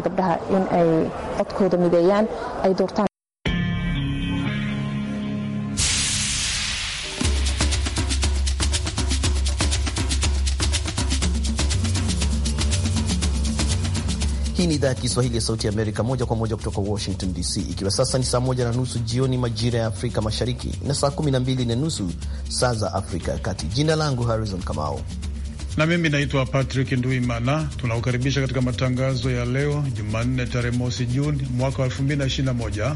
gabdhaha in ay codkooda mideeyaan ay doortaan Hii ni idhaa ya Kiswahili ya Sauti ya Amerika, moja kwa moja kutoka Washington DC, ikiwa sasa ni saa moja na nusu jioni majira ya Afrika Mashariki na saa kumi na mbili na nusu saa za Afrika ya Kati. Jina langu Harrison Kamau na mimi naitwa Patrick Nduimana. Tunakukaribisha katika matangazo ya leo Jumanne tarehe mosi Juni mwaka wa moja.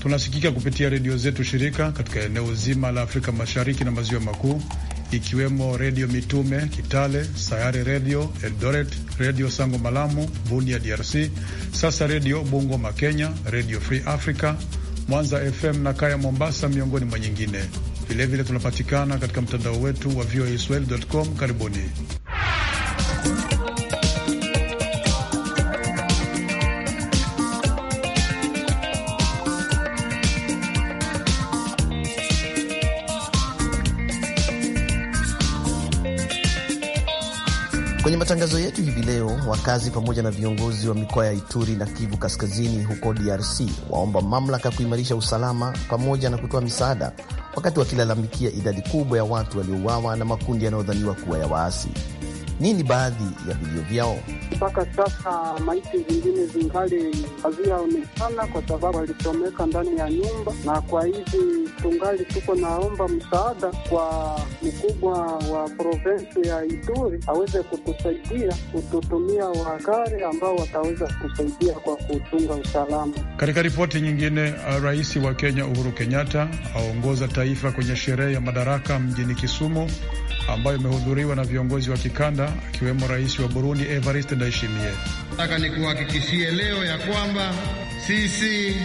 Tunasikika kupitia redio zetu shirika katika eneo zima la Afrika Mashariki na Maziwa Makuu, ikiwemo Redio Mitume Kitale, Sayare Redio Eldoret, Redio Sango Malamu Bunia DRC, Sasa Redio Bungoma Kenya, Redio Free Africa Mwanza FM na Kaya Mombasa, miongoni mwa nyingine. Vilevile tunapatikana katika mtandao wetu wa voaswahili.com. Karibuni. Kwenye matangazo yetu hivi leo, wakazi pamoja na viongozi wa mikoa ya Ituri na Kivu Kaskazini huko DRC waomba mamlaka kuimarisha usalama pamoja na kutoa misaada wakati wakilalamikia idadi kubwa ya watu waliouawa na makundi yanayodhaniwa kuwa ya waasi nini baadhi ya vilio vyao. Mpaka sasa maiti zingine zingali haziaonekana kwa sababu alichomeka ndani ya nyumba, na kwa hivi tungali tuko naomba msaada kwa mkubwa wa provensi ya Ituri aweze kutusaidia kututumia wagari ambao wataweza kutusaidia kwa kutunga usalama. Katika ripoti nyingine, uh, rais wa Kenya Uhuru Kenyatta aongoza taifa kwenye sherehe ya madaraka mjini Kisumu ambayo imehudhuriwa na viongozi wa kikanda akiwemo rais wa Burundi Evariste Ndayishimiye. Nataka nikuhakikishie leo ya kwamba sisi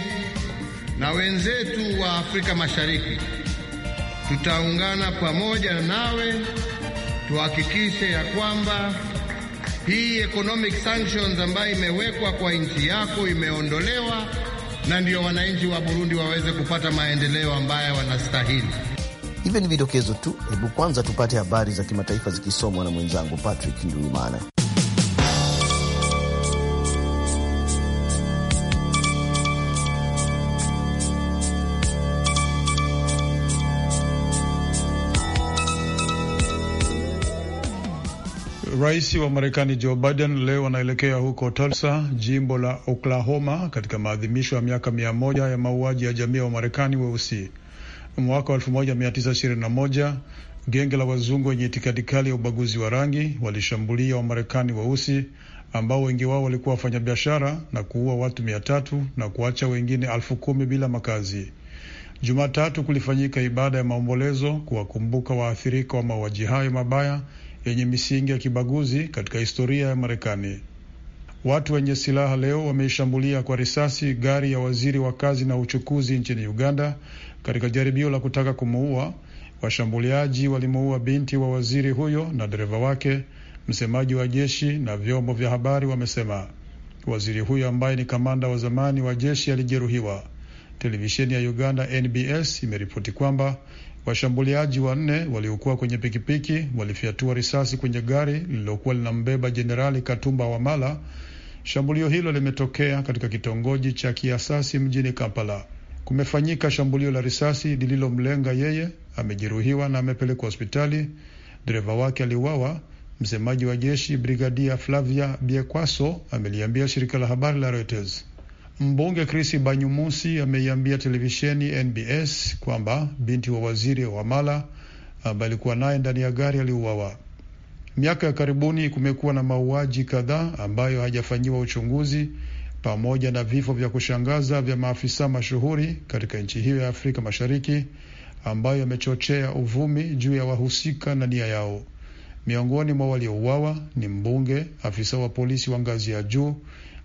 na wenzetu wa Afrika Mashariki tutaungana pamoja nawe tuhakikishe ya kwamba hii economic sanctions ambayo imewekwa kwa nchi yako imeondolewa na ndio wananchi wa Burundi waweze kupata maendeleo ambayo wanastahili. Hivyo ni vidokezo tu. Hebu kwanza tupate habari za kimataifa zikisomwa na mwenzangu Patrick Nduimana. Rais wa Marekani Joe Biden leo anaelekea huko Tulsa, jimbo la Oklahoma, katika maadhimisho ya miaka mia moja ya mauaji ya jamii ya Wamarekani weusi wa Mwaka wa 1921 genge la wazungu wenye itikadi kali ya ubaguzi wa rangi walishambulia Wamarekani weusi wa ambao wengi wao walikuwa wafanyabiashara na kuua watu mia tatu na kuacha wengine elfu kumi bila makazi. Jumatatu kulifanyika ibada ya maombolezo kuwakumbuka waathirika wa mauaji hayo mabaya yenye misingi ya kibaguzi katika historia ya Marekani. Watu wenye silaha leo wameishambulia kwa risasi gari ya waziri wa kazi na uchukuzi nchini Uganda katika jaribio la kutaka kumuua, washambuliaji walimuua binti wa waziri huyo na dereva wake, msemaji wa jeshi na vyombo vya habari wamesema. Waziri huyo ambaye ni kamanda wa zamani wa jeshi alijeruhiwa. Televisheni ya Uganda NBS imeripoti kwamba washambuliaji wanne waliokuwa kwenye pikipiki walifyatua risasi kwenye gari lililokuwa linambeba Jenerali Katumba Wamala. Shambulio hilo limetokea katika kitongoji cha Kiasasi mjini Kampala kumefanyika shambulio la risasi lililomlenga yeye, amejeruhiwa na amepelekwa hospitali. Dereva wake aliuawa. Msemaji wa jeshi Brigadia Flavia Biekwaso ameliambia shirika la habari la Reuters. Mbunge Chris Banyumusi ameiambia televisheni NBS kwamba binti wa waziri wa Mala ambaye alikuwa naye ndani ya gari aliuawa. Miaka ya karibuni kumekuwa na mauaji kadhaa ambayo hajafanyiwa uchunguzi pamoja na vifo vya kushangaza vya maafisa mashuhuri katika nchi hiyo ya Afrika Mashariki ambayo yamechochea uvumi juu ya wahusika na nia yao. Miongoni mwa waliouawa ni mbunge, afisa wa polisi wa ngazi ya juu,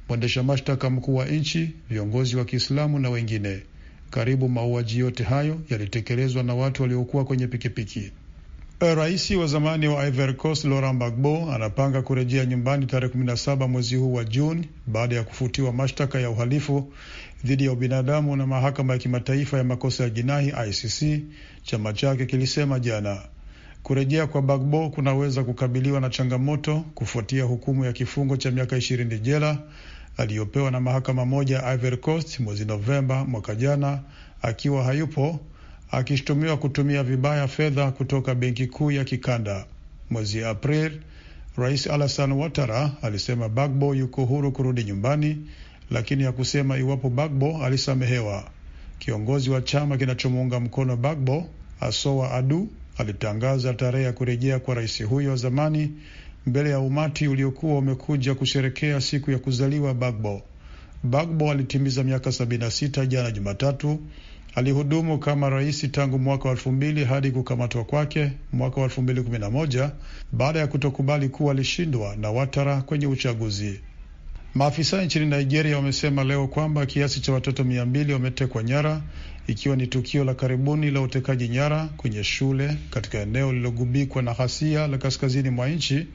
mwendesha mashtaka mkuu wa nchi, viongozi wa Kiislamu na wengine. Karibu mauaji yote hayo yalitekelezwa na watu waliokuwa kwenye pikipiki. Rais wa zamani wa Ivory Coast Laurent Gbagbo anapanga kurejea nyumbani tarehe 17 mwezi huu wa Juni baada ya kufutiwa mashtaka ya uhalifu dhidi ya ubinadamu na mahakama ya kimataifa ya makosa ya jinai ICC, chama chake kilisema jana. Kurejea kwa Bagbo kunaweza kukabiliwa na changamoto kufuatia hukumu ya kifungo cha miaka 20 jela aliyopewa na mahakama moja ya Ivory Coast mwezi Novemba mwaka jana akiwa hayupo akishutumiwa kutumia vibaya fedha kutoka benki kuu ya kikanda. Mwezi Aprili, Rais Alasan Watara alisema Bagbo yuko huru kurudi nyumbani, lakini hakusema iwapo Bagbo alisamehewa. Kiongozi wa chama kinachomuunga mkono Bagbo, Asowa Adu, alitangaza tarehe ya kurejea kwa rais huyo wa zamani mbele ya umati uliokuwa umekuja kusherekea siku ya kuzaliwa Bagbo. Bagbo alitimiza miaka 76 jana Jumatatu, Alihudumu kama rais tangu mwaka wa elfu mbili hadi kukamatwa kwake mwaka wa elfu mbili kumi na moja baada ya kutokubali kuwa alishindwa na Watara kwenye uchaguzi. Maafisa nchini Nigeria wamesema leo kwamba kiasi cha watoto mia mbili wametekwa nyara, ikiwa ni tukio la karibuni la utekaji nyara kwenye shule katika eneo lililogubikwa na ghasia la kaskazini mwa nchi,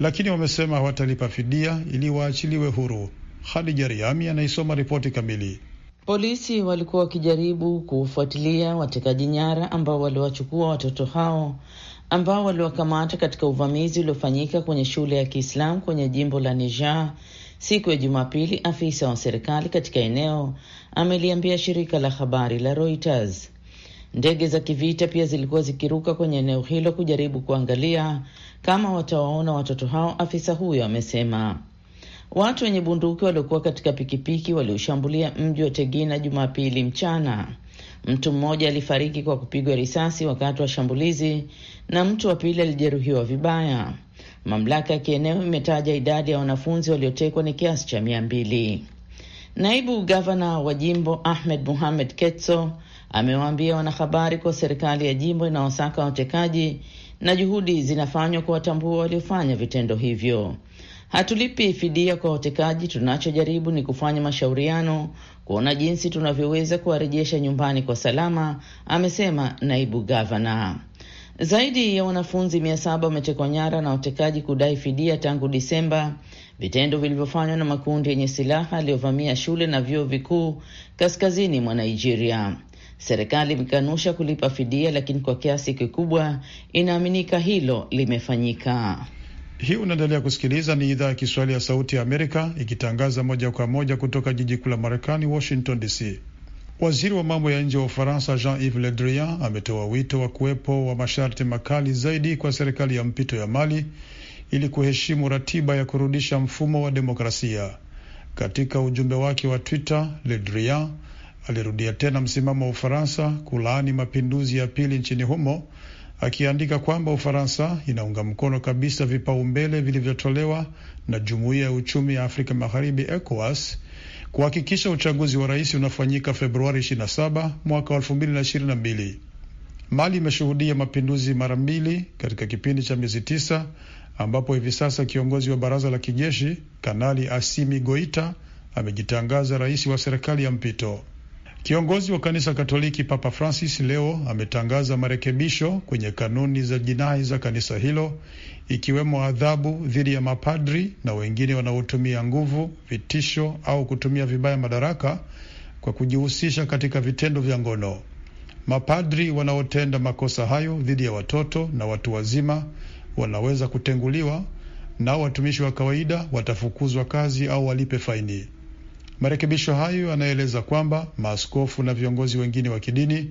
lakini wamesema hawatalipa fidia ili waachiliwe huru. Hadija Riami anaisoma ripoti kamili. Polisi walikuwa wakijaribu kufuatilia watekaji nyara ambao waliwachukua watoto hao ambao waliwakamata katika uvamizi uliofanyika kwenye shule ya Kiislamu kwenye jimbo la Niger siku ya Jumapili. Afisa wa serikali katika eneo ameliambia shirika la habari la Reuters. Ndege za kivita pia zilikuwa zikiruka kwenye eneo hilo kujaribu kuangalia kama watawaona watoto hao, afisa huyo amesema. Watu wenye bunduki waliokuwa katika pikipiki walioshambulia mji wa Tegina Jumapili mchana. Mtu mmoja alifariki kwa kupigwa risasi wakati wa shambulizi na mtu wa pili alijeruhiwa vibaya. Mamlaka ya kieneo imetaja idadi ya wanafunzi waliotekwa ni kiasi cha mia mbili. Naibu gavana wa jimbo Ahmed Muhamed Ketso amewaambia wanahabari kuwa serikali ya jimbo inawasaka watekaji na juhudi zinafanywa kuwatambua waliofanya vitendo hivyo. Hatulipi fidia kwa watekaji, tunachojaribu ni kufanya mashauriano kuona jinsi tunavyoweza kuwarejesha nyumbani kwa salama, amesema naibu gavana. Zaidi ya wanafunzi mia saba wametekwa nyara na watekaji kudai fidia tangu Disemba, vitendo vilivyofanywa na makundi yenye silaha yaliyovamia shule na vyuo vikuu kaskazini mwa Nigeria. Serikali imekanusha kulipa fidia, lakini kwa kiasi kikubwa inaaminika hilo limefanyika. Hii unaendelea kusikiliza, ni idhaa ya Kiswahili ya Sauti ya Amerika ikitangaza moja kwa moja kutoka jiji kuu la Marekani, Washington DC. Waziri wa mambo ya nje wa Ufaransa Jean Yves Le Drian ametoa wito wa kuwepo wa masharti makali zaidi kwa serikali ya mpito ya Mali ili kuheshimu ratiba ya kurudisha mfumo wa demokrasia. Katika ujumbe wake wa Twitter, Le Drian alirudia tena msimamo wa Ufaransa kulaani mapinduzi ya pili nchini humo akiandika kwamba Ufaransa inaunga mkono kabisa vipaumbele vilivyotolewa na Jumuiya ya Uchumi ya Afrika Magharibi, ECOWAS, kuhakikisha uchaguzi wa rais unafanyika Februari 27 mwaka 2022. Mali imeshuhudia mapinduzi mara mbili katika kipindi cha miezi tisa, ambapo hivi sasa kiongozi wa baraza la kijeshi Kanali Asimi Goita amejitangaza rais wa serikali ya mpito. Kiongozi wa kanisa Katoliki Papa Francis leo ametangaza marekebisho kwenye kanuni za jinai za kanisa hilo, ikiwemo adhabu dhidi ya mapadri na wengine wanaotumia nguvu, vitisho au kutumia vibaya madaraka kwa kujihusisha katika vitendo vya ngono. Mapadri wanaotenda makosa hayo dhidi ya watoto na watu wazima wanaweza kutenguliwa, nao watumishi wa kawaida watafukuzwa kazi au walipe faini. Marekebisho hayo yanaeleza kwamba maaskofu na viongozi wengine wa kidini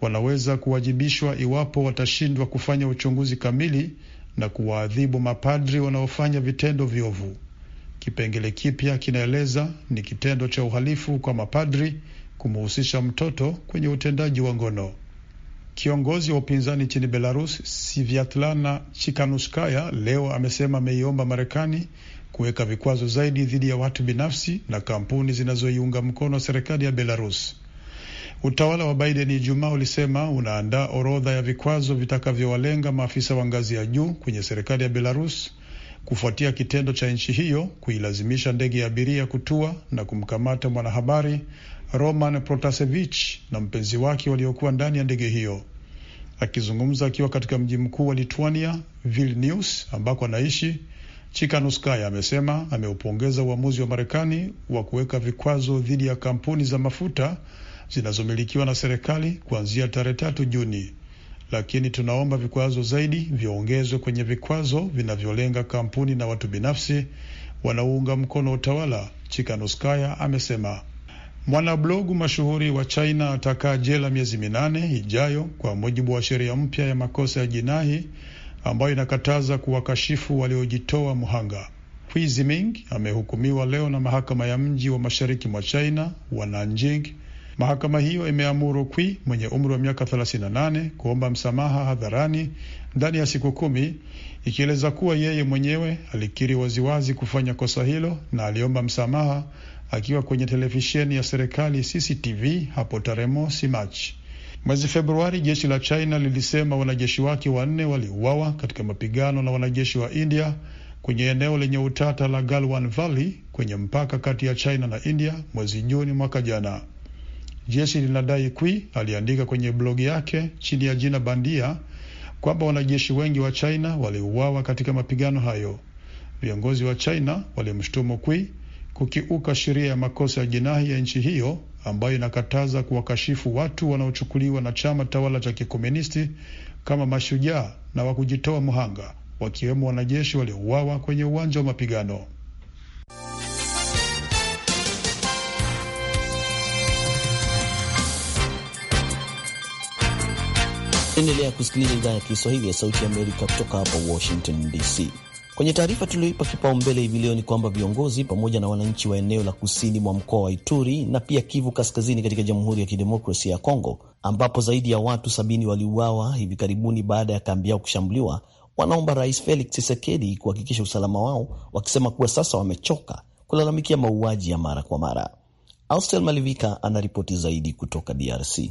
wanaweza kuwajibishwa iwapo watashindwa kufanya uchunguzi kamili na kuwaadhibu mapadri wanaofanya vitendo viovu. Kipengele kipya kinaeleza ni kitendo cha uhalifu kwa mapadri kumhusisha mtoto kwenye utendaji wa ngono. Kiongozi wa upinzani nchini Belarus Sviatlana Chikanuskaya leo amesema ameiomba Marekani kuweka vikwazo zaidi dhidi ya watu binafsi na kampuni zinazoiunga mkono serikali ya Belarus. Utawala wa Biden Ijumaa ulisema unaandaa orodha ya vikwazo vitakavyowalenga maafisa wa ngazi ya juu kwenye serikali ya Belarus kufuatia kitendo cha nchi hiyo kuilazimisha ndege ya abiria kutua na kumkamata mwanahabari Roman Protasevich na mpenzi wake waliokuwa ndani ya ndege hiyo. Akizungumza akiwa katika mji mkuu wa Lithuania Vilnius ambako anaishi, Chikanuskaya amesema ameupongeza uamuzi wa Marekani wa kuweka vikwazo dhidi ya kampuni za mafuta zinazomilikiwa na serikali kuanzia tarehe tatu Juni, lakini tunaomba vikwazo zaidi viongezwe kwenye vikwazo vinavyolenga kampuni na watu binafsi wanaounga mkono utawala, Chikanuskaya amesema. Mwanablogu mashuhuri wa China atakaa jela miezi minane ijayo kwa mujibu wa sheria mpya ya makosa ya jinai ambayo inakataza kuwakashifu waliojitoa mhanga. Hui Ziming amehukumiwa leo na mahakama ya mji wa mashariki mwa China wa Nanjing. Mahakama hiyo imeamuru Kwi mwenye umri wa miaka 38 kuomba msamaha hadharani ndani ya siku kumi, ikieleza kuwa yeye mwenyewe alikiri waziwazi kufanya kosa hilo na aliomba msamaha akiwa kwenye televisheni ya serikali CCTV hapo tarehe mosi Machi. Mwezi Februari jeshi la China lilisema wanajeshi wake wanne waliuawa katika mapigano na wanajeshi wa India kwenye eneo lenye utata la Galwan Valley kwenye mpaka kati ya China na India mwezi Juni mwaka jana. Jeshi linadai Kwi aliandika kwenye blogi yake chini ya jina bandia kwamba wanajeshi wengi wa China waliuawa katika mapigano hayo. Viongozi wa China walimshutumu Kwi kukiuka sheria ya makosa ya jinai ya nchi hiyo ambayo inakataza kuwakashifu watu wanaochukuliwa na chama tawala cha kikomunisti kama mashujaa na wa kujitoa mhanga, wakiwemo wanajeshi waliouawa kwenye uwanja wa mapigano. Endelea kusikiliza idhaa ya Kiswahili ya Sauti ya Amerika kutoka hapa Washington DC. Kwenye taarifa tulioipa kipaumbele hivi leo ni kwamba viongozi pamoja na wananchi wa eneo la kusini mwa mkoa wa Ituri na pia Kivu Kaskazini katika Jamhuri ya Kidemokrasia ya Kongo, ambapo zaidi ya watu sabini waliuawa hivi karibuni baada ya kambi yao kushambuliwa, wanaomba Rais Felix Tshisekedi kuhakikisha usalama wao, wakisema kuwa sasa wamechoka kulalamikia mauaji ya mara kwa mara. Austel Malivika anaripoti zaidi kutoka DRC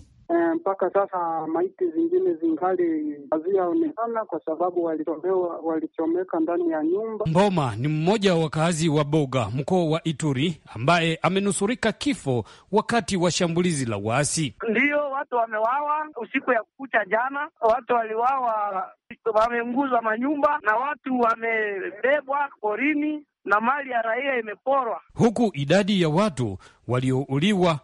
mpaka sasa maiti zingine zingali haziyaonekana kwa sababu walichomewa walichomeka ndani ya nyumba. Mboma ni mmoja wa wakazi wa Boga, mkoa wa Ituri, ambaye amenusurika kifo wakati wa shambulizi la waasi. Ndiyo, watu wamewawa usiku ya kucha jana, watu waliwawa, wamenguzwa manyumba na watu wamebebwa porini na mali ya raia imeporwa, huku idadi ya watu waliouliwa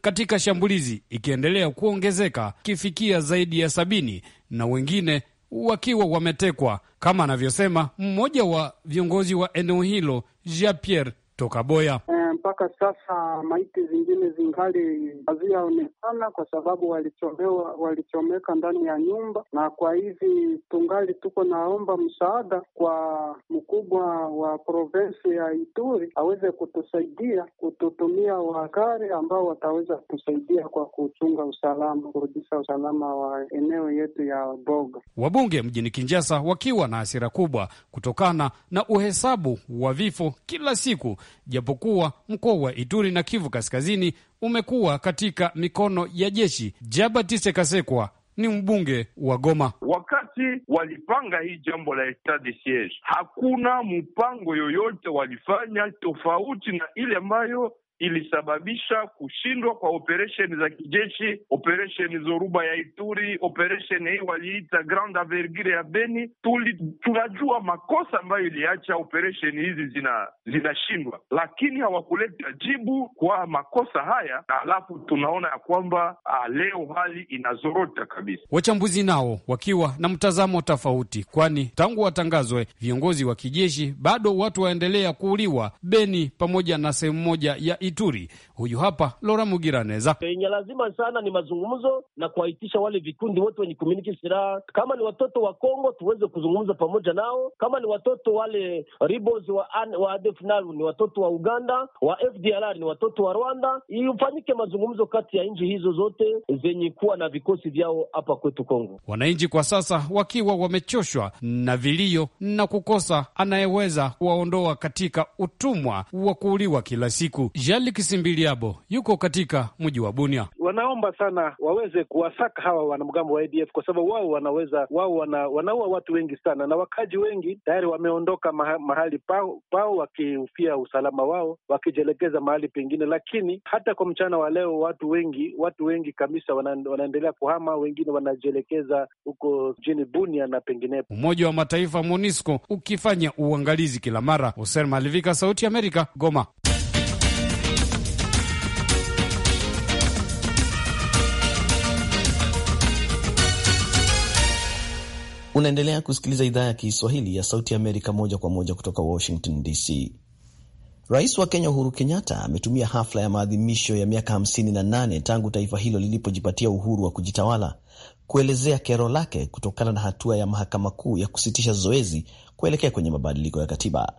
katika shambulizi ikiendelea kuongezeka ikifikia zaidi ya sabini na wengine wakiwa wametekwa, kama anavyosema mmoja wa viongozi wa eneo hilo Jean Pierre toka Boya. E, mpaka sasa maiti zingine zingali hazijaonekana kwa sababu walichomewa, walichomeka ndani ya nyumba, na kwa hivi tungali tuko naomba msaada kwa mkubwa wa provensi ya Ituri aweze kutusaidia kututumia wakari ambao wataweza kutusaidia kwa kuchunga usalama, kurudisha usalama wa eneo yetu ya Boga. Wabunge mjini kinjasa wakiwa na hasira kubwa kutokana na uhesabu wa vifo kila siku japokuwa mkoa wa Ituri na Kivu Kaskazini umekuwa katika mikono ya jeshi. Jabatiste Kasekwa ni mbunge wa Goma. Wakati walipanga hii jambo la etat de siege, hakuna mpango yoyote walifanya tofauti na ile ambayo ilisababisha kushindwa kwa operesheni za kijeshi, operesheni Zoruba ya Ituri, operesheni hii waliita Grand Avergire ya Beni. Tuli, tunajua makosa ambayo iliacha operesheni hizi zina zinashindwa, lakini hawakuleta jibu kwa makosa haya, na alafu tunaona ya kwamba ah, leo hali inazorota kabisa. Wachambuzi nao wakiwa na mtazamo tofauti, kwani tangu watangazwe viongozi wa kijeshi bado watu waendelea kuuliwa Beni pamoja na sehemu moja ya Ituri. Huyu hapa Lora Mugiraneza. Yenye lazima sana ni mazungumzo na kuwaitisha wale vikundi wote wenye kumiliki silaha, kama ni watoto wa Kongo tuweze kuzungumza pamoja nao, kama ni watoto wale ribos wa, wa ADF nalu ni watoto wa Uganda, wa FDLR ni watoto wa Rwanda, ifanyike mazungumzo kati ya nchi hizo zote zenye kuwa na vikosi vyao hapa kwetu Kongo. Wananchi kwa sasa wakiwa wamechoshwa na vilio na kukosa anayeweza kuwaondoa katika utumwa wa kuuliwa kila siku. Je, Jali Kisimbiliabo yuko katika mji wa Bunia. Wanaomba sana waweze kuwasaka hawa wanamgambo wa ADF kwa sababu wao wanaweza wao wana, wanaua watu wengi sana, na wakaji wengi tayari wameondoka mahali pao, pao wakihofia usalama wao wakijielekeza mahali pengine. Lakini hata kwa mchana wa leo watu wengi watu wengi kabisa wana, wanaendelea kuhama, wengine wanajielekeza huko jini Bunia na penginepo. Umoja wa Mataifa MONUSCO ukifanya uangalizi kila mara. Hosen Malivika, Sauti ya Amerika, Goma. Unaendelea kusikiliza idhaa ya Kiswahili ya Sauti ya Amerika moja kwa moja kutoka Washington DC. Rais wa Kenya Uhuru Kenyatta ametumia hafla ya maadhimisho ya miaka 58 tangu taifa hilo lilipojipatia uhuru wa kujitawala kuelezea kero lake kutokana na hatua ya mahakama kuu ya kusitisha zoezi kuelekea kwenye mabadiliko ya katiba.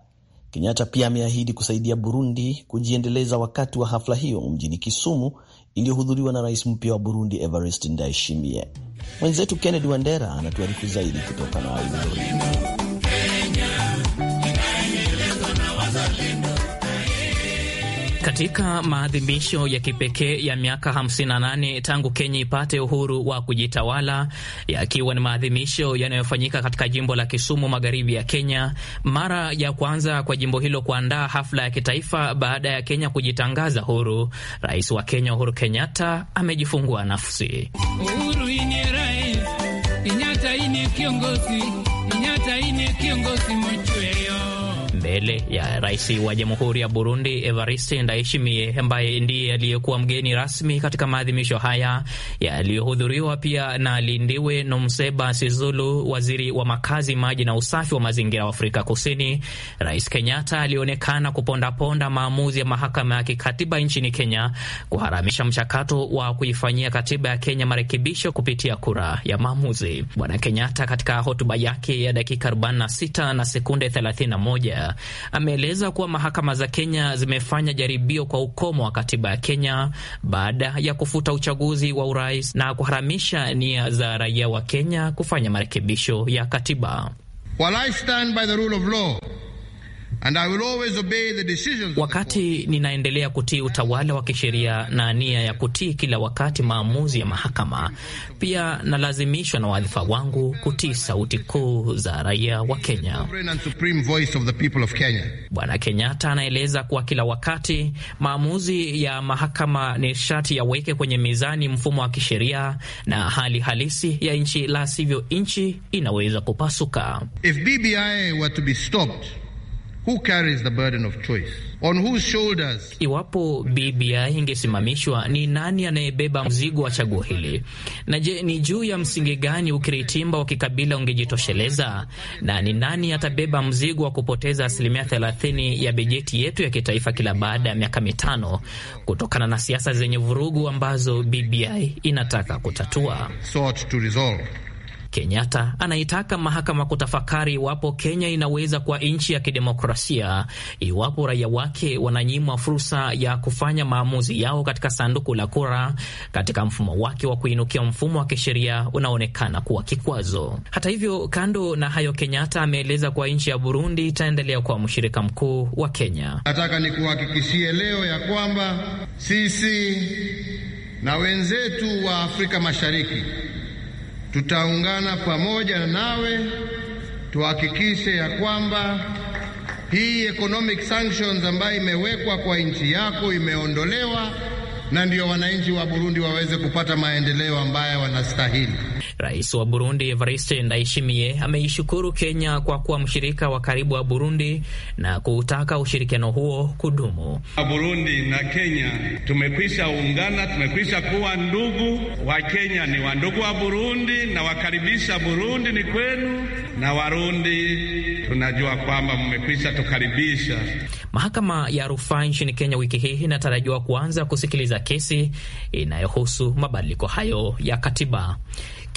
Kenyatta pia ameahidi kusaidia Burundi kujiendeleza wakati wa hafla hiyo mjini Kisumu iliyohudhuriwa na rais mpya wa Burundi Evariste Ndayishimiye. Mwenzetu Kennedy Wandera anatuarifu zaidi kutoka Nairobi. Katika maadhimisho ya kipekee ya miaka 58 tangu Kenya ipate uhuru wa kujitawala, yakiwa ni maadhimisho yanayofanyika katika jimbo la Kisumu, magharibi ya Kenya, mara ya kwanza kwa jimbo hilo kuandaa hafla ya kitaifa baada ya Kenya kujitangaza huru, rais wa Kenya Uhuru Kenyatta amejifungua nafsi. Uhuru ine rais, Kenyatta ine kiongozi, Kenyatta ine kiongozi mbele ya rais wa jamhuri ya Burundi Evariste Ndayishimiye ambaye ndiye aliyekuwa mgeni rasmi katika maadhimisho haya yaliyohudhuriwa pia na Lindiwe Nomseba sizulu waziri wa makazi, maji na usafi wa mazingira wa Afrika Kusini. Rais Kenyatta alionekana kupondaponda maamuzi ya mahakama ya kikatiba nchini Kenya kuharamisha mchakato wa kuifanyia katiba ya Kenya marekebisho kupitia kura ya maamuzi. Bwana Kenyatta katika hotuba yake ya dakika 46 na sekunde 31 ameeleza kuwa mahakama za Kenya zimefanya jaribio kwa ukomo wa katiba ya Kenya baada ya kufuta uchaguzi wa urais na kuharamisha nia za raia wa Kenya kufanya marekebisho ya katiba. While I stand by the rule of law And I will always obey the decisions. Wakati ninaendelea kutii utawala wa kisheria na nia ya kutii kila wakati maamuzi ya mahakama, pia nalazimishwa na wadhifa wangu kutii sauti kuu za raia wa Kenya. Bwana Kenyatta anaeleza kuwa kila wakati maamuzi ya mahakama ni sharti yaweke kwenye mizani mfumo wa kisheria na hali halisi ya nchi, la sivyo nchi inaweza kupasuka. If BBI were to be stopped, Who carries the burden of choice? On whose shoulders? Iwapo BBI ingesimamishwa, ni nani anayebeba mzigo wa chaguo hili? Na je, ni juu ya msingi gani ukiritimba wa kikabila ungejitosheleza? Na ni nani atabeba mzigo wa kupoteza asilimia 30 ya bajeti yetu ya kitaifa kila baada ya miaka mitano kutokana na siasa zenye vurugu ambazo BBI inataka kutatua? Sought to resolve. Kenyatta anaitaka mahakama kutafakari iwapo Kenya inaweza kuwa nchi ya kidemokrasia iwapo raia wake wananyimwa fursa ya kufanya maamuzi yao katika sanduku la kura, katika mfumo wake wa kuinukia mfumo wa kisheria unaonekana kuwa kikwazo. Hata hivyo, kando na hayo, Kenyatta ameeleza kuwa nchi ya Burundi itaendelea kuwa mshirika mkuu wa Kenya. Nataka nikuhakikishie leo ya kwamba sisi na wenzetu wa Afrika Mashariki Tutaungana pamoja nawe tuhakikishe ya kwamba hii economic sanctions ambayo imewekwa kwa nchi yako imeondolewa na ndio wananchi wa Burundi waweze kupata maendeleo ambayo wanastahili. Rais wa Burundi Evariste Ndayishimiye ameishukuru Kenya kwa kuwa mshirika wa karibu wa Burundi na kuutaka ushirikiano huo kudumu. Burundi na Kenya tumekwisha ungana, tumekwisha kuwa ndugu. wa kenya ni wandugu wa Burundi na wakaribisha, Burundi ni kwenu na Warundi tunajua kwamba mmekwisha tukaribisha. Mahakama ya rufaa nchini Kenya wiki hii inatarajiwa kuanza kusikiliza kesi inayohusu mabadiliko hayo ya katiba.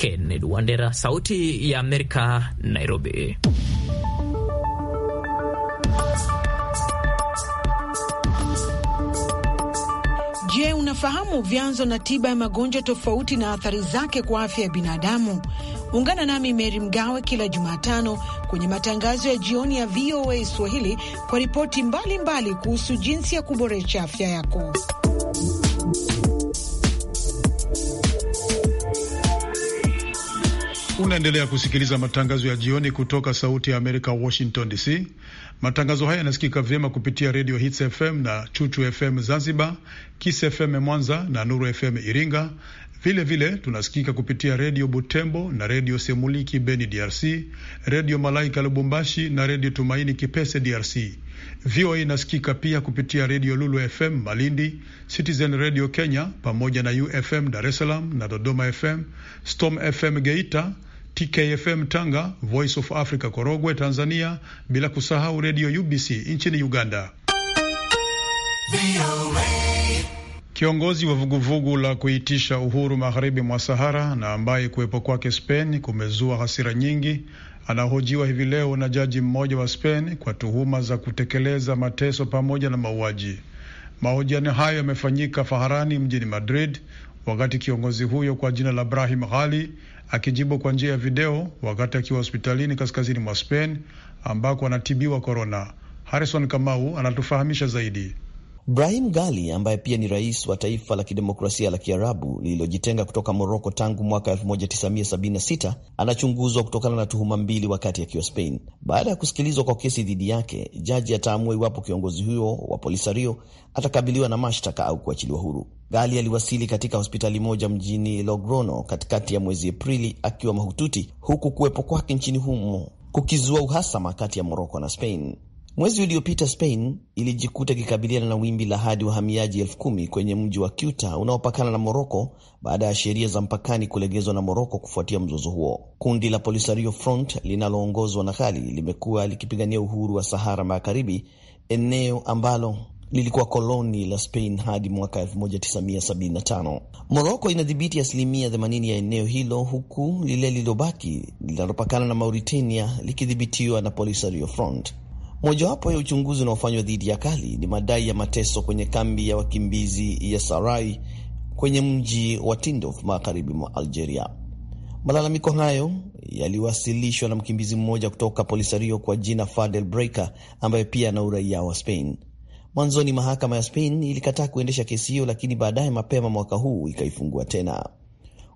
Kennedy Wandera, Sauti ya Amerika, Nairobi. Je, unafahamu vyanzo na tiba ya magonjwa tofauti na athari zake kwa afya ya binadamu? Ungana nami Meri Mgawe kila Jumatano kwenye matangazo ya jioni ya VOA Swahili kwa ripoti mbalimbali kuhusu jinsi ya kuboresha afya yako. Unaendelea kusikiliza matangazo ya jioni kutoka Sauti ya Amerika, Washington DC. Matangazo haya yanasikika vyema kupitia redio Hits FM na Chuchu FM Zanzibar, Kiss FM Mwanza na Nuru FM Iringa. Vilevile vile, tunasikika kupitia redio Butembo na redio Semuliki Beni DRC, redio Malaika Lubumbashi na redio Tumaini Kipese DRC. VOA inasikika pia kupitia redio Lulu FM Malindi, Citizen Radio Kenya pamoja na UFM Dar es Salaam na Dodoma FM, Storm FM Geita TKFM Tanga, Voice of Africa Korogwe Tanzania, bila kusahau redio UBC nchini Uganda. Kiongozi wa vuguvugu la kuitisha uhuru magharibi mwa Sahara na ambaye kuwepo kwake Spain kumezua hasira nyingi anahojiwa hivi leo na jaji mmoja wa Spain kwa tuhuma za kutekeleza mateso pamoja na mauaji. Mahojiano hayo yamefanyika Faharani mjini Madrid wakati kiongozi huyo kwa jina la Brahim Ghali akijibu kwa njia ya video wakati akiwa hospitalini kaskazini mwa Spain ambako anatibiwa korona. Harrison Kamau anatufahamisha zaidi. Brahim Gali ambaye pia ni rais wa taifa la kidemokrasia la Kiarabu lililojitenga kutoka Moroko tangu mwaka 1976 anachunguzwa kutokana na tuhuma mbili wakati akiwa Spain. Baada ya kusikilizwa kwa kesi dhidi yake, jaji ataamua iwapo kiongozi huyo wa Polisario atakabiliwa na mashtaka au kuachiliwa huru. Gali aliwasili katika hospitali moja mjini Logrono katikati ya mwezi Aprili akiwa mahututi, huku kuwepo kwake nchini humo kukizua uhasama kati ya Moroko na Spain. Mwezi uliopita Spain ilijikuta ikikabiliana na wimbi la hadi wahamiaji elfu kumi kwenye mji wa Ceuta unaopakana na Moroko baada ya sheria za mpakani kulegezwa na Moroko kufuatia mzozo huo. Kundi la Polisario Front linaloongozwa na Ghali limekuwa likipigania uhuru wa Sahara Magharibi, eneo ambalo lilikuwa koloni la Spain hadi mwaka 1975. Moroko inadhibiti asilimia 80 ya eneo hilo, huku lile lililobaki linalopakana na Mauritania likidhibitiwa na Polisario Front. Mojawapo ya uchunguzi unaofanywa dhidi ya Kali ni madai ya mateso kwenye kambi ya wakimbizi ya Sarai kwenye mji wa Tindouf magharibi mwa Algeria. Malalamiko hayo yaliwasilishwa na mkimbizi mmoja kutoka Polisario kwa jina Fadel Breika, ambaye pia ana uraia wa Spain. Mwanzoni mahakama ya Spain ilikataa kuendesha kesi hiyo, lakini baadaye mapema mwaka huu ikaifungua tena.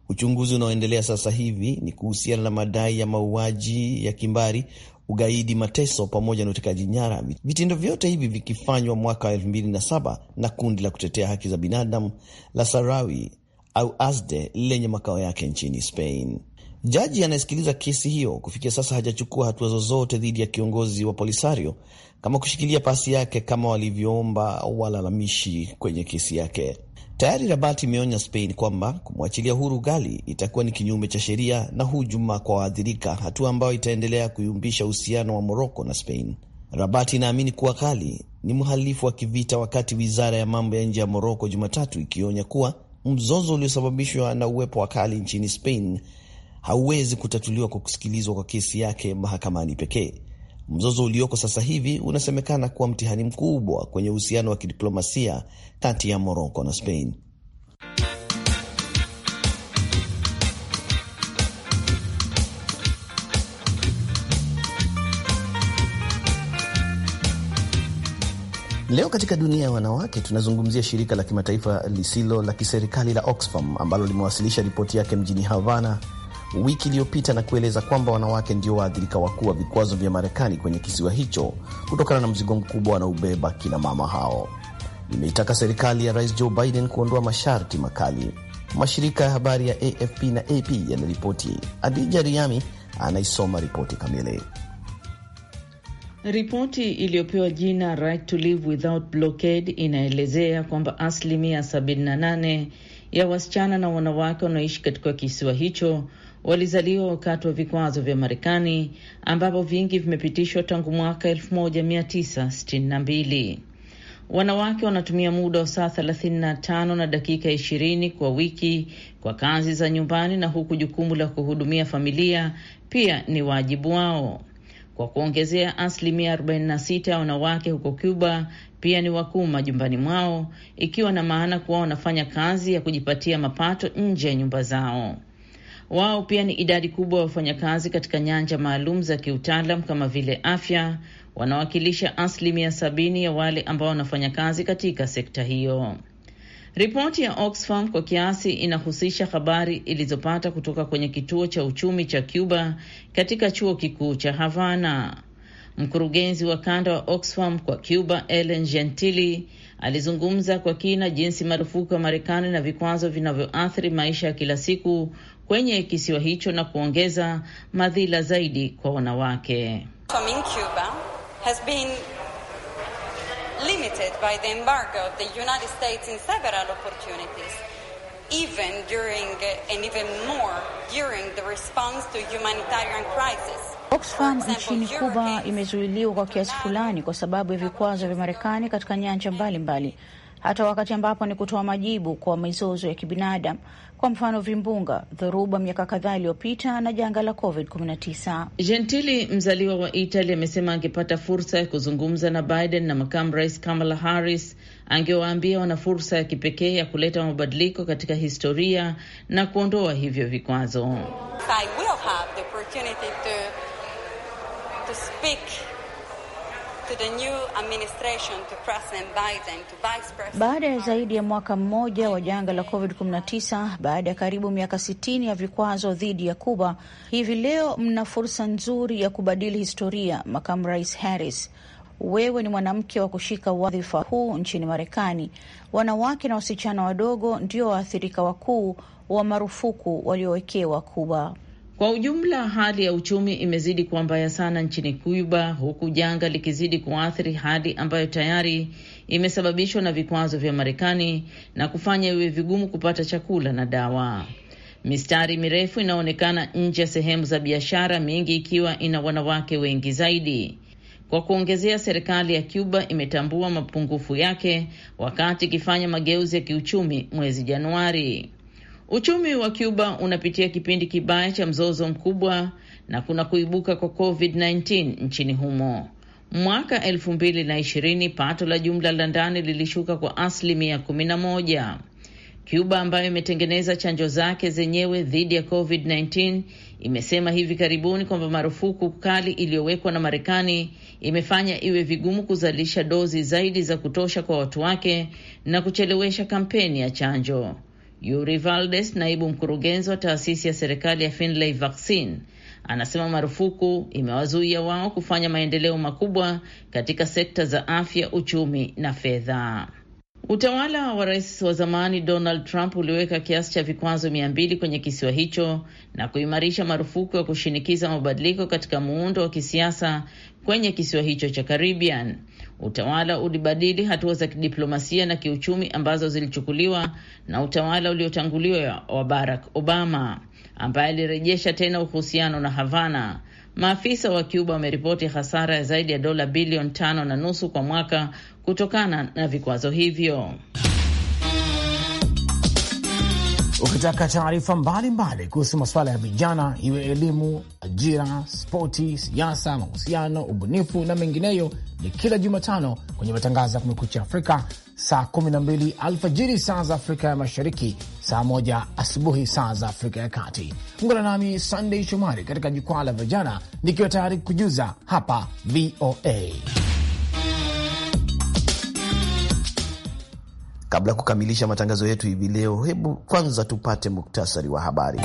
Uchunguzi unaoendelea sasa hivi ni kuhusiana na madai ya mauaji ya kimbari ugaidi, mateso pamoja na utekaji nyara, vitendo vyote hivi vikifanywa mwaka wa 27 na kundi la kutetea haki za binadamu la Sarawi au ASDE lenye makao yake nchini Spain. Jaji anayesikiliza kesi hiyo kufikia sasa hajachukua hatua zozote dhidi ya kiongozi wa Polisario kama kushikilia pasi yake kama walivyoomba walalamishi kwenye kesi yake. Tayari Rabat imeonya Spain kwamba kumwachilia huru Gali itakuwa ni kinyume cha sheria na hujuma kwa waathirika, hatua ambayo itaendelea kuyumbisha uhusiano wa Moroko na Spain. Rabat inaamini kuwa Gali ni mhalifu wa kivita, wakati wizara ya mambo ya nje ya Moroko Jumatatu ikionya kuwa mzozo uliosababishwa na uwepo wa Gali nchini Spain hauwezi kutatuliwa kwa kusikilizwa kwa kesi yake mahakamani pekee. Mzozo ulioko sasa hivi unasemekana kuwa mtihani mkubwa kwenye uhusiano wa kidiplomasia kati ya Moroko na Spain. Leo katika dunia ya wanawake tunazungumzia shirika la kimataifa lisilo la kiserikali la Oxfam ambalo limewasilisha ripoti yake mjini Havana wiki iliyopita na kueleza kwamba wanawake ndio waathirika wakuu wa vikwazo vya Marekani kwenye kisiwa hicho kutokana na mzigo mkubwa wanaobeba kina mama hao. Imeitaka serikali ya Rais Joe Biden kuondoa masharti makali. Mashirika ya habari ya AFP na AP yanaripoti. Adija Riami anaisoma ripoti kamili. Ripoti iliyopewa jina Right to Live Without Blockade inaelezea kwamba asilimia 78 ya wasichana na wanawake wanaoishi katika kisiwa hicho walizaliwa wakati wa vikwazo vya Marekani ambapo vingi vimepitishwa tangu mwaka 1962. Wanawake wanatumia muda wa saa 35 na dakika 20 kwa wiki kwa kazi za nyumbani na huku jukumu la kuhudumia familia pia ni wajibu wao. Kwa kuongezea, asilimia 46 ya wanawake huko Cuba pia ni wakuu majumbani mwao, ikiwa na maana kuwa wanafanya kazi ya kujipatia mapato nje ya nyumba zao. Wao pia ni idadi kubwa ya wafanyakazi katika nyanja maalum za kiutaalam kama vile afya, wanawakilisha asilimia sabini ya wale ambao wanafanya kazi katika sekta hiyo. Ripoti ya Oxfam kwa kiasi inahusisha habari ilizopata kutoka kwenye kituo cha uchumi cha Cuba katika chuo kikuu cha Havana. Mkurugenzi wa kanda wa Oxfam kwa Cuba, Ellen Gentili, alizungumza kwa kina jinsi marufuku ya Marekani na vikwazo vinavyoathiri maisha ya kila siku kwenye kisiwa hicho na kuongeza madhila zaidi kwa wanawake. Oxfam nchini Cuba imezuiliwa kwa kiasi fulani kwa sababu ya vikwazo vya Marekani katika nyanja mbalimbali mbali hata wakati ambapo ni kutoa majibu kwa mizozo ya kibinadamu, kwa mfano vimbunga, dhoruba miaka kadhaa iliyopita na janga la COVID-19. Gentili, mzaliwa wa Itali, amesema angepata fursa ya kuzungumza na Biden na makamu rais Kamala Harris, angewaambia wana fursa ya kipekee ya kuleta mabadiliko katika historia na kuondoa hivyo vikwazo. I will have the opportunity to, to speak baada ya zaidi ya mwaka mmoja wa janga la COVID-19, baada ya karibu miaka 60 ya vikwazo dhidi ya Cuba, hivi leo mna fursa nzuri ya kubadili historia. Makamu Rais Harris, wewe ni mwanamke wa kushika wadhifa huu nchini Marekani. Wanawake na wasichana wadogo ndio waathirika wakuu wa marufuku waliowekewa Kuba. Kwa ujumla hali ya uchumi imezidi kuwa mbaya sana nchini Cuba, huku janga likizidi kuathiri hali ambayo tayari imesababishwa na vikwazo vya Marekani na kufanya iwe vigumu kupata chakula na dawa. Mistari mirefu inaonekana nje ya sehemu za biashara, mingi ikiwa ina wanawake wengi zaidi. Kwa kuongezea, serikali ya Cuba imetambua mapungufu yake wakati ikifanya mageuzi ya kiuchumi mwezi Januari. Uchumi wa Cuba unapitia kipindi kibaya cha mzozo mkubwa na kuna kuibuka kwa COVID-19 nchini humo. Mwaka 2020 pato la jumla la ndani lilishuka kwa asilimia 11. Cuba ambayo imetengeneza chanjo zake zenyewe dhidi ya COVID-19 imesema hivi karibuni kwamba marufuku kali iliyowekwa na Marekani imefanya iwe vigumu kuzalisha dozi zaidi za kutosha kwa watu wake na kuchelewesha kampeni ya chanjo. Yuri Valdes, naibu mkurugenzi wa taasisi ya serikali ya Finlay Vaccine, anasema marufuku imewazuia wao kufanya maendeleo makubwa katika sekta za afya, uchumi na fedha. Utawala wa rais wa zamani Donald Trump uliweka kiasi cha vikwazo mia mbili kwenye kisiwa hicho na kuimarisha marufuku ya kushinikiza mabadiliko katika muundo wa kisiasa kwenye kisiwa hicho cha Caribbean. Utawala ulibadili hatua za kidiplomasia na kiuchumi ambazo zilichukuliwa na utawala uliotanguliwa wa Barack Obama ambaye alirejesha tena uhusiano na Havana. Maafisa wa Cuba wameripoti hasara ya zaidi ya dola bilioni tano na nusu kwa mwaka kutokana na vikwazo hivyo. Ukitaka taarifa mbalimbali kuhusu masuala ya vijana, iwe elimu, ajira, spoti, siasa, mahusiano, ubunifu na mengineyo, ni kila Jumatano kwenye matangazo ya Kumekucha Afrika saa 12 alfajiri saa za Afrika ya Mashariki, saa 1 asubuhi saa za Afrika ya Kati. Ungana nami Sandey Shomari katika jukwaa la vijana, nikiwa tayari kujuza hapa VOA. Kabla ya kukamilisha matangazo yetu hivi leo, hebu kwanza tupate muktasari wa habari.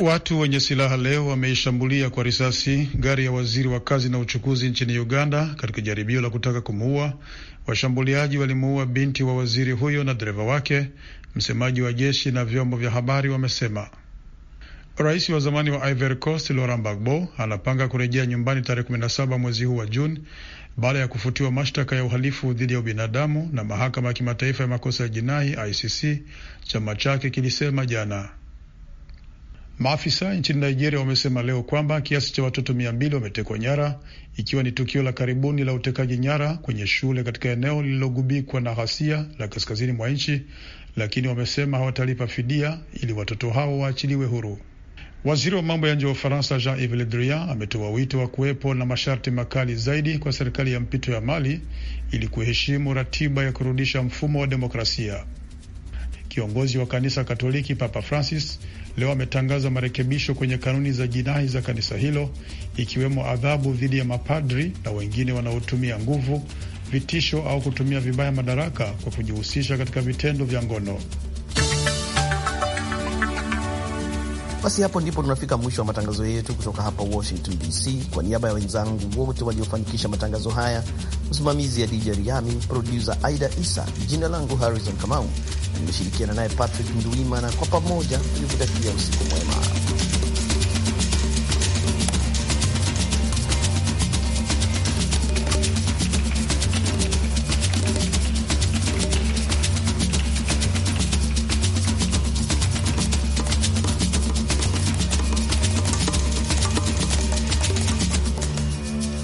Watu wenye silaha leo wameishambulia kwa risasi gari ya waziri wa kazi na uchukuzi nchini Uganda katika jaribio la kutaka kumuua. Washambuliaji walimuua binti wa waziri huyo na dereva wake, msemaji wa jeshi na vyombo vya habari wamesema. Rais wa zamani wa Ivory Coast Laurent Gbagbo anapanga kurejea nyumbani tarehe 17 mwezi huu wa Juni baada ya kufutiwa mashtaka ya uhalifu dhidi ya ubinadamu na mahakama ya kimataifa ya makosa ya jinai ICC, chama chake kilisema jana. Maafisa nchini Nigeria wamesema leo kwamba kiasi cha watoto mia mbili wametekwa nyara, ikiwa ni tukio la karibuni la utekaji nyara kwenye shule katika eneo lililogubikwa na ghasia la kaskazini mwa nchi, lakini wamesema hawatalipa fidia ili watoto hao waachiliwe huru. Waziri wa mambo ya nje wa Ufaransa Jean-Yves Le Drian ametoa wito wa kuwepo na masharti makali zaidi kwa serikali ya mpito ya Mali ili kuheshimu ratiba ya kurudisha mfumo wa demokrasia. Kiongozi wa kanisa Katoliki Papa Francis leo ametangaza marekebisho kwenye kanuni za jinai za kanisa hilo, ikiwemo adhabu dhidi ya mapadri na wengine wanaotumia nguvu, vitisho au kutumia vibaya madaraka kwa kujihusisha katika vitendo vya ngono. Basi hapo ndipo tunafika mwisho wa matangazo yetu kutoka hapa Washington DC. Kwa niaba ya wenzangu wote waliofanikisha matangazo haya, msimamizi ya DJ Riami, produsa Aida Isa, jina langu Harrison Kamau, nimeshirikiana naye Patrick Nduimana, kwa pamoja tulikutakia usiku mwema.